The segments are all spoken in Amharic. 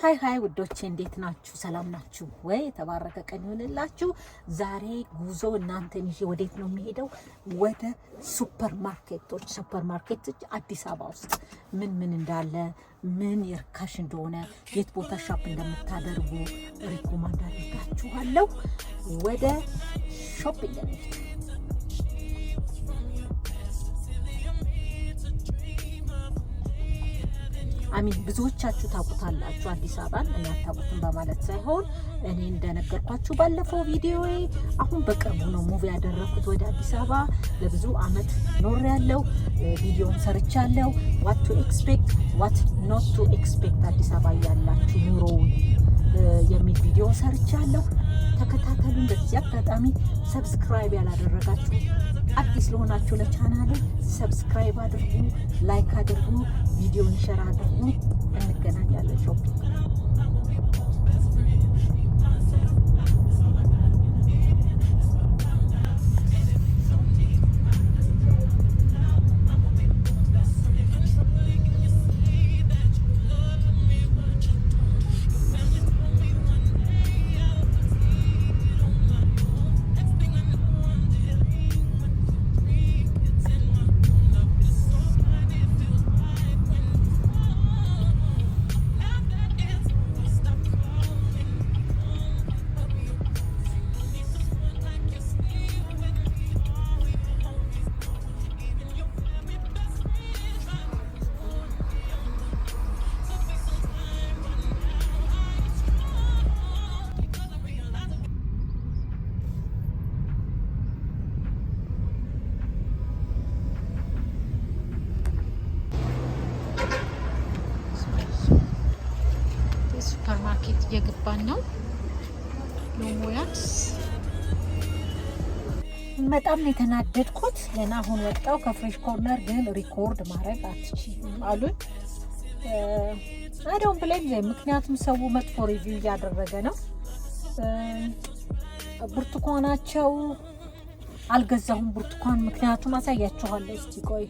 ሀይ ሀይ ውዶቼ እንዴት ናችሁ? ሰላም ናችሁ ወይ? የተባረከ ቀን ይሆንላችሁ። ዛሬ ጉዞ እናንተን ይዤ ወዴት ነው የሚሄደው? ወደ ሱፐር ማርኬቶች። ሱፐር ማርኬቶች አዲስ አበባ ውስጥ ምን ምን እንዳለ፣ ምን የርካሽ እንደሆነ፣ የት ቦታ ሻፕ እንደምታደርጉ ሪኮማንድ አድርጋችኋለሁ። ወደ ሾፒንግ አሚን ብዙዎቻችሁ ታውቁታላችሁ አዲስ አበባን እናታውቁትን በማለት ሳይሆን እኔ እንደነገርኳችሁ ባለፈው ቪዲዮዬ አሁን በቅርቡ ነው ሙቪ ያደረኩት ወደ አዲስ አበባ ለብዙ አመት ኖር ያለው ቪዲዮም ሰርቻለሁ። ዋት ቱ ኤክስፔክት ዋት ኖት ቱ ኤክስፔክት አዲስ አበባ ያላችሁ ኑሮውን የሚል ቪዲዮ ሰርቻለሁ። ተከታተሉ። በዚህ አጋጣሚ ሰብስክራይብ ያላደረጋችሁ አዲስ ለሆናችሁ ለቻናል ሰብስክራይብ አድርጉ፣ ላይክ አድርጉ፣ ቪዲዮን ሸር አድርጉ። እንገናኛለን። ሾፒንግ እየገባን ሎሞያት በጣም ነው የተናደድኩት። ገና አሁን ወጣው ከፍሬሽ ኮርነር ግን ሪኮርድ ማድረግ አትችልም አሉን። አይደውም ብለኝ ምክንያቱም ሰው መጥፎ ሪቪው እያደረገ ነው። ብርቱካናቸው አልገዛሁም ብርቱካን፣ ምክንያቱም አሳያችኋለሁ። እስቲ ቆይ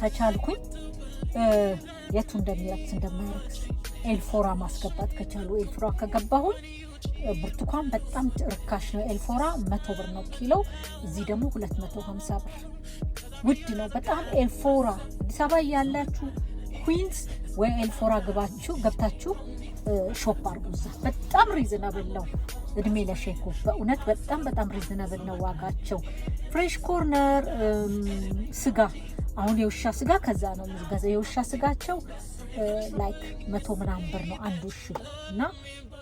ከቻልኩኝ የቱ እንደሚረክስ እንደማይረክስ ኤልፎራ ማስገባት ከቻሉ ኤልፎራ ከገባሁኝ ብርቱካን በጣም ርካሽ ነው። ኤልፎራ መቶ ብር ነው ኪሎ፣ እዚህ ደግሞ 250 ብር ውድ ነው በጣም ኤልፎራ። አዲስ አበባ ያላችሁ ኩዊንስ ወይ ኤልፎራ ግባችሁ ገብታችሁ ሾፕ አርጉ። እዛ በጣም ሪዝናብል ነው። እድሜ ለሼኮ በእውነት በጣም በጣም ሪዝናብል ነው ዋጋቸው። ፍሬሽ ኮርነር ስጋ አሁን የውሻ ስጋ ከዛ ነው የውሻ ስጋቸው ላይክ መቶ ምናምን ብር ነው አንዱ ውሽ እና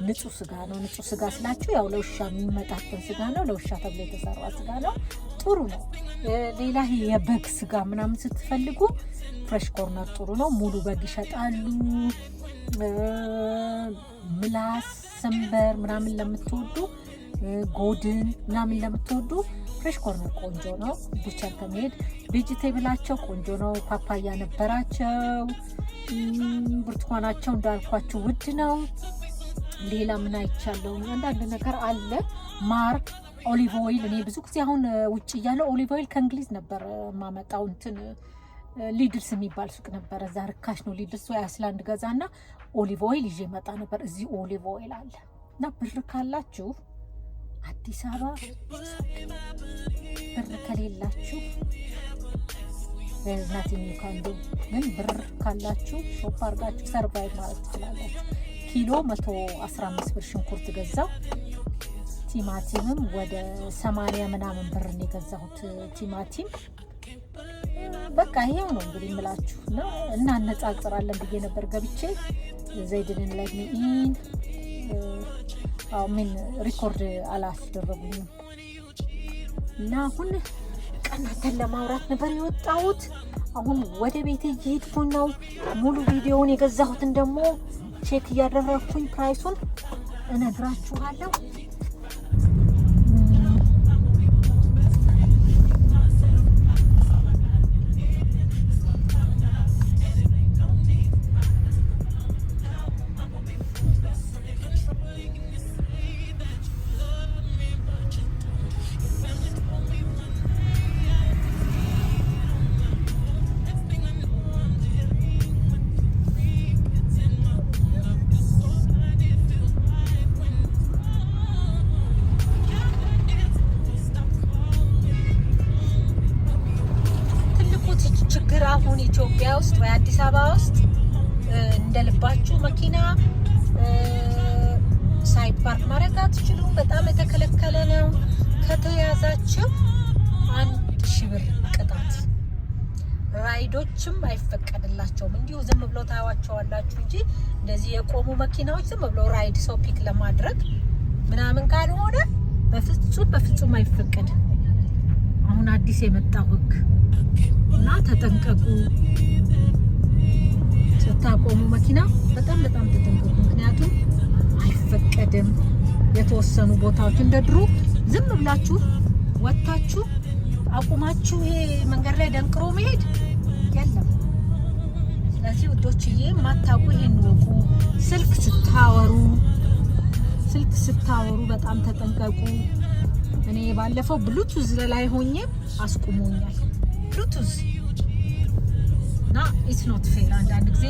ንጹህ ስጋ ነው። ንጹህ ስጋ ስላችሁ ያው ለውሻ የሚመጣትን ስጋ ነው። ለውሻ ተብሎ የተሰራ ስጋ ነው። ጥሩ ነው። ሌላ የበግ ስጋ ምናምን ስትፈልጉ ፍሬሽ ኮርነር ጥሩ ነው። ሙሉ በግ ይሸጣሉ። ምላስ፣ ሰንበር ምናምን ለምትወዱ ጎድን ምናምን ለምትወዱ ፍሬሽ ኮርነር ቆንጆ ነው። ቡቸር ከመሄድ ቬጅቴብላቸው ቆንጆ ነው። ፓፓያ ነበራቸው። ብርቱካናቸው እንዳልኳቸው ውድ ነው። ሌላ ምን አይቻለው? አንዳንድ ነገር አለ። ማር፣ ኦሊቭ ኦይል እኔ ብዙ ጊዜ አሁን ውጭ እያለ ኦሊቭ ኦይል ከእንግሊዝ ነበር ማመጣው። እንትን ሊድልስ የሚባል ሱቅ ነበር እዛ ርካሽ ነው። ሊድልስ ወይ አስላንድ ገዛ እና ኦሊቭ ኦይል ይዤ መጣ ነበር። እዚህ ኦሊቭ ኦይል አለ እና ብር ካላችሁ አዲስ አበባ ብር ከሌላችሁ ናቲን ካንዶ ግን ብር ካላችሁ ሾፕ አድርጋችሁ ሰርቫይቭ ማለት ትችላላችሁ። ኪሎ 115 ብር ሽንኩርት ገዛው። ቲማቲምም ወደ 80 ምናምን ብር ነው የገዛሁት ቲማቲም። በቃ ይሄው ነው እንግዲህ የምላችሁ እና እናነጻጽራለን ብዬ ነበር ገብቼ ዘይድንን ለሚኢን ሚን ሪኮርድ አላስደረጉኝም እና አሁን እናንተን ለማውራት ነበር የወጣሁት። አሁን ወደ ቤት እየሄድኩ ነው። ሙሉ ቪዲዮውን የገዛሁትን ደግሞ ቼክ እያደረግኩኝ ፕራይሱን እነግራችኋለሁ። አዲስ አበባ ውስጥ ልባችሁ መኪና ሳይድ ፓርክ ማድረግ አትችሉም። በጣም የተከለከለ ነው። ከተያዛችሁ አንድ ሺህ ብር ቅጣት። ራይዶችም አይፈቀድላቸውም። እንዲሁ ዝም ብሎ ታዋቸዋላችሁ እንጂ እንደዚህ የቆሙ መኪናዎች ዝም ብሎ ራይድ ሰው ፒክ ለማድረግ ምናምን ካልሆነ በፍጹም በፍጹም አይፈቀድም። አሁን አዲስ የመጣው ህግ እና ተጠንቀቁ። ስታቆሙ መኪና በጣም በጣም ተጠንቀቁ። ምክንያቱም አይፈቀድም። የተወሰኑ ቦታዎች እንደ ድሮ ዝም ብላችሁ ወጥታችሁ አቁማችሁ ይሄ መንገድ ላይ ደንቅሮ መሄድ የለም። ስለዚህ ውዶችዬ ማታውቁ ይሄን ወቁ። ስልክ ስታወሩ ስልክ ስታወሩ በጣም ተጠንቀቁ። እኔ ባለፈው ብሉቱዝ ላይ ሆኜ አስቁሞኛል ብሉቱዝ እና ኢትስ ኖት ፌር። አንዳንድ ጊዜ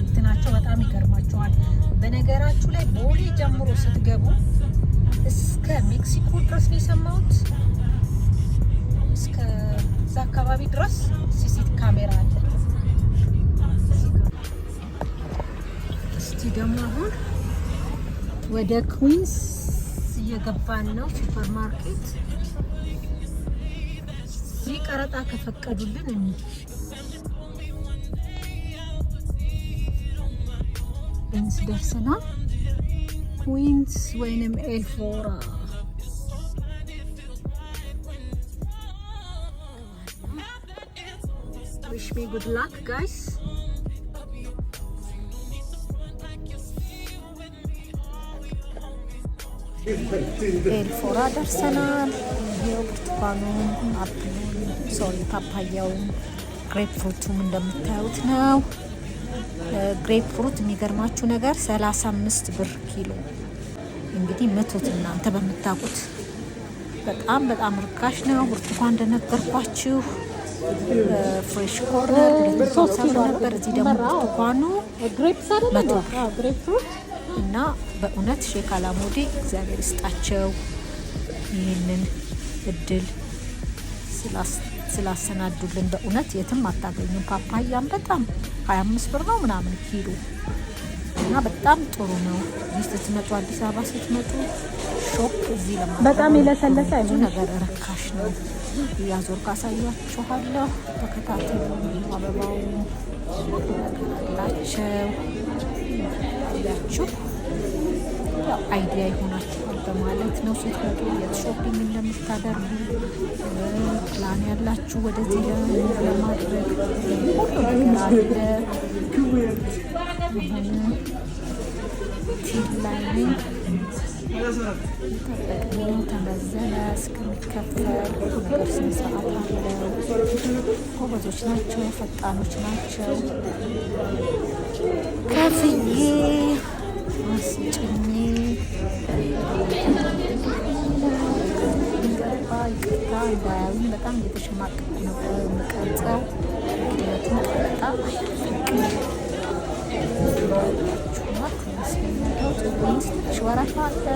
እንትናቸው በጣም ይገርማቸዋል። በነገራችሁ ላይ ቦሌ ጀምሮ ስትገቡ እስከ ሜክሲኮ ድረስ ነው የሰማሁት። እስከዛ አካባቢ ድረስ ሲሲት ካሜራ አለ። እስቲ ደግሞ አሁን ወደ ኩዊንስ እየገባን ነው። ሱፐር ማርኬት እዚህ ቀረጣ ከፈቀዱልን እንሂድ ኩዊንስ ደርሰናል። ኩዊንስ ወይንም ኤልፎራ ዊሽ ሚ ጉድ ላክ ጋይስ። ኤልፎራ ደርሰናል። ይሄው ብርቱካኑን፣ አፕሉን፣ ሶሪ ፓፓያውን፣ ግሬፕፍሩቱም እንደምታዩት ነው። ግሬፕ ፍሩት የሚገርማችሁ ነገር 35 ብር ኪሎ። እንግዲህ መቶት እናንተ በምታውቁት በጣም በጣም ርካሽ ነው። ብርቱካን እንደነገርኳችሁ ፍሬሽ ኮርነር ሁለት ነበር። እዚህ ደግሞ ብርቱካኑ መቶ እና በእውነት ሼክ አላሙዲ እግዚአብሔር ይስጣቸው ይህንን እድል ስላስ ስላሰናዱልን በእውነት የትም አታገኙም። ፓፓያም በጣም 25 ብር ነው ምናምን ኪሎ እና በጣም ጥሩ ነው። ይህ ስትመጡ አዲስ አበባ ስትመጡ ሾፕ እዚህ ለማለት በጣም የለሰለሰ አይነት ነገር ርካሽ ነው። እያዞር ካሳያችኋለሁ። ተከታተሉ። አበባው ላቸው ያችሁ አይዲያ ይሆናል። በማለት ነው። ስትመጡ የት ሾፒንግ እንደምታደርጉ ፕላን ያላችሁ ወደዚህ ለማድረግ ተጠቅሞ ተመዘነ እስከሚከፈል ነገር ስነ አለው። ጎበዞች ናቸው፣ ፈጣኖች ናቸው። ከፍዬ አስጭኝ ባያዩ በጣም እየተሸማቀቁ ነው የምቀርጸው። ምክንያቱም በጣም ወረፋ አለ።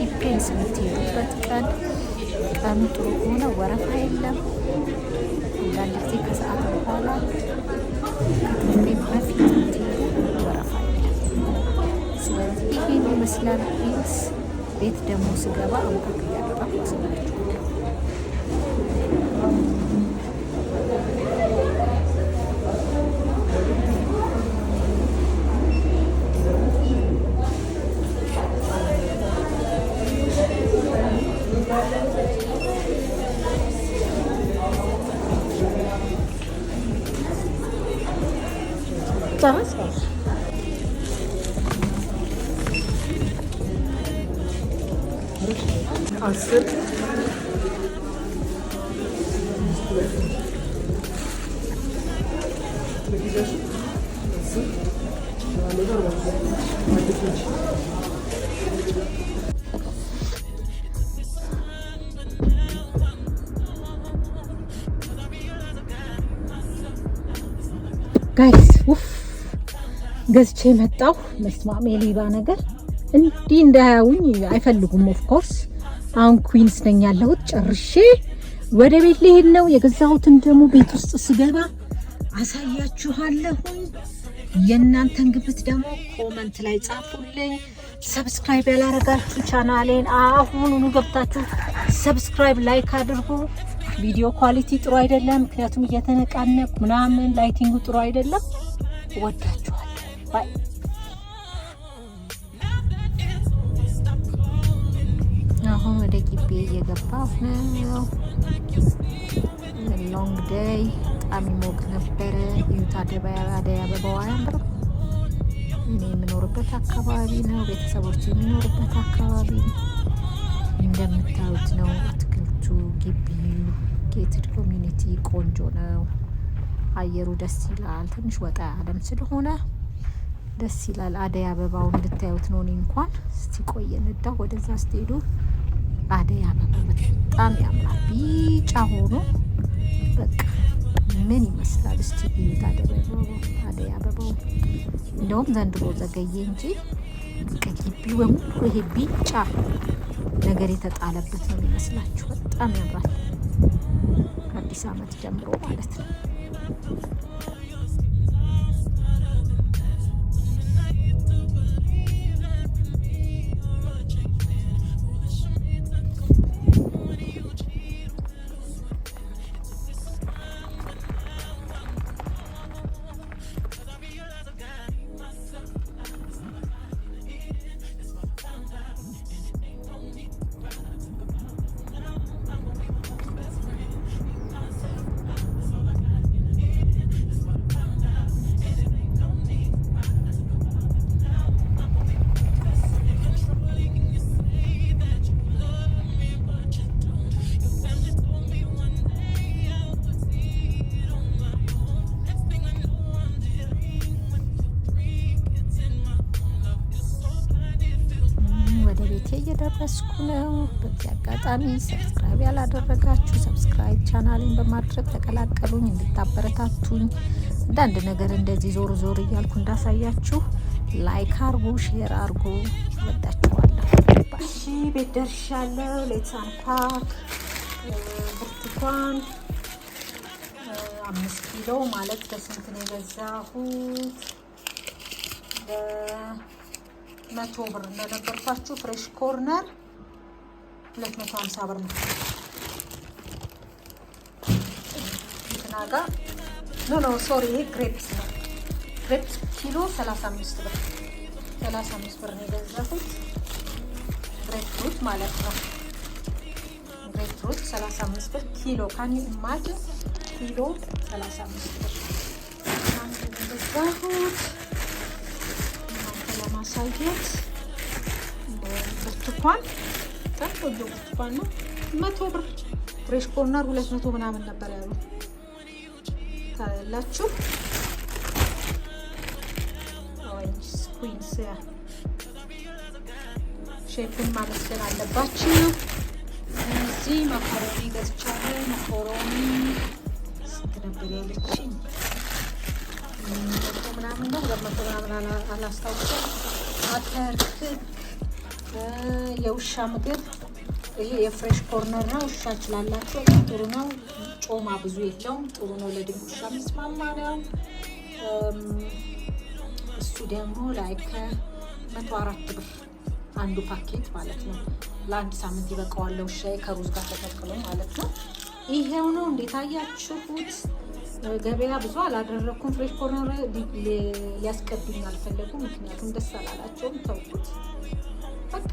ዲፔንስ የምትሄዱበት ቀን ቀኑ ጥሩ ከሆነ ወረፋ የለም። አንዳንድ ጊዜ ከሰዓት በኋላ ከትምህርት በፊት የምትሄዱ ወረፋ የለም። ስለዚህ ይህን ይመስላል። ቤት ቤት ደግሞ ስገባ አሞካክያ በጣም አስባችሁ Daha sor. Aslı. Nasıl? Şu anda da var. Hadi geç. ጋይስ ውፍ ገዝቼ መጣሁ። መስማሜ ሌባ ነገር እንዲህ እንዳያዩኝ አይፈልጉም። ኦፍኮርስ አሁን ኩዊንስ ነኝ ያለሁት። ጨርሼ ወደ ቤት ልሄድ ነው። የገዛሁትን ደግሞ ቤት ውስጥ ስገባ አሳያችኋለሁኝ። የእናንተን ግምት ደግሞ ኮመንት ላይ ጻፉልኝ። ሰብስክራይብ ያላረጋችሁ ቻናሌን አሁኑኑ ገብታችሁ ሰብስክራይብ ላይክ አድርጉ። ቪዲዮ ኳሊቲ ጥሩ አይደለም፣ ምክንያቱም እየተነቃነቅ ምናምን ላይቲንጉ ጥሩ አይደለም። ወዳችኋል ባይ አሁን ወደ ግቢ እየገባሁ ነው። ሎንግ ደይ በጣም ይሞቅ ነበረ። ዩት አደይ አበባዋ አያምርም? እኔ የምኖርበት አካባቢ ነው፣ ቤተሰቦች የሚኖርበት አካባቢ ነው። ዴዲኬትድ ኮሚኒቲ ቆንጆ ነው። አየሩ ደስ ይላል። ትንሽ ወጣ ያለም ስለሆነ ደስ ይላል። አደይ አበባውን እንድታዩት ነው። እኔ እንኳን እስቲ ቆየ ነዳ ወደዛ ስትሄዱ አደይ አበባ በጣም ያምራል። ቢጫ ሆኖ በቃ ምን ይመስላል? እስቲ እዩት አደይ አበባው። እንደውም ዘንድሮ ዘገየ እንጂ ግቢ በሙሉ ይሄ ቢጫ ነገር የተጣለበት ነው የሚመስላችሁ። በጣም ያምራል። ከአዲስ ዓመት ጀምሮ ማለት ነው። እየደረስኩ ነው። በዚህ አጋጣሚ ሰብስክራይብ ያላደረጋችሁ ሰብስክራይብ ቻናልን በማድረግ ተቀላቀሉኝ፣ እንድታበረታቱኝ አንዳንድ ነገር እንደዚህ ዞር ዞር እያልኩ እንዳሳያችሁ ላይክ አርጉ፣ ሼር አርጉ። ወዳችኋለሁ። እሺ ቤት ደርሻለሁ። ሌትሳን ፓርክ ብርቱካን አምስት ኪሎ ማለት በስንት ነው የገዛሁት? መቶ ብር እንደነበርኳችሁ ፍሬሽ ኮርነር 250 ብር ነው። እንትና ኖ ኖ ሶሪ ይሄ ግሬፕስ ነው። ግሬፕስ ኪሎ 35 ብር 35 ብር ነው የገዛሁት ማለት ነው። 35 ብር ኪሎ ኪሎ 35 ብር ነው የገዛሁት። ለማሳየት ብርቱካን በጣም ቆንጆ ብርቱካን ነው። መቶ ብር ፍሬሽ ኮርነር ሁለት መቶ ምናምን ነበር ያሉት ታያላችሁ። ኦሬንጅ ስኩዊንስ ሼፕን ማመስገን አለባችሁ። እዚህ መኮሮኒ ገዝቻለሁ። መኮሮኒ ስትነብር ያለችኝ መቶ ምናምን ነው ሁለት መቶ ምናምን አላስታውስም። አተር ክብ የውሻ ምግብ ይሄ የፍሬሽ ኮርነር ነው። ውሻ ችላላቸው ጥሩ ነው። ጮማ ብዙ የለውም። ጥሩ ነው። ለድንክ ውሻ የሚስማማ ነው። እሱ ደግሞ ላይ ከመቶ አራት ብር አንዱ ፓኬት ማለት ነው። ለአንድ ሳምንት ይበቃዋል። ለውሻዬ ከሩዝ ጋር ተቀቅሎ ማለት ነው። ይሄው ነው። እንዴት አያችሁት? ገበያ ብዙ አላደረግኩም። ፍሬሽ ኮርነር ሊያስቀዱኝ አልፈለጉ። ምክንያቱም ደስ አላላቸውም፣ ተውኩት በቃ።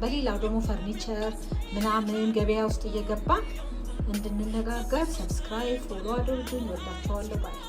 በሌላው ደግሞ ፈርኒቸር ምናምን ገበያ ውስጥ እየገባ እንድንነጋገር ሰብስክራይብ ፎሎ አድርጉኝ። ወዳቸዋለሁ ባይ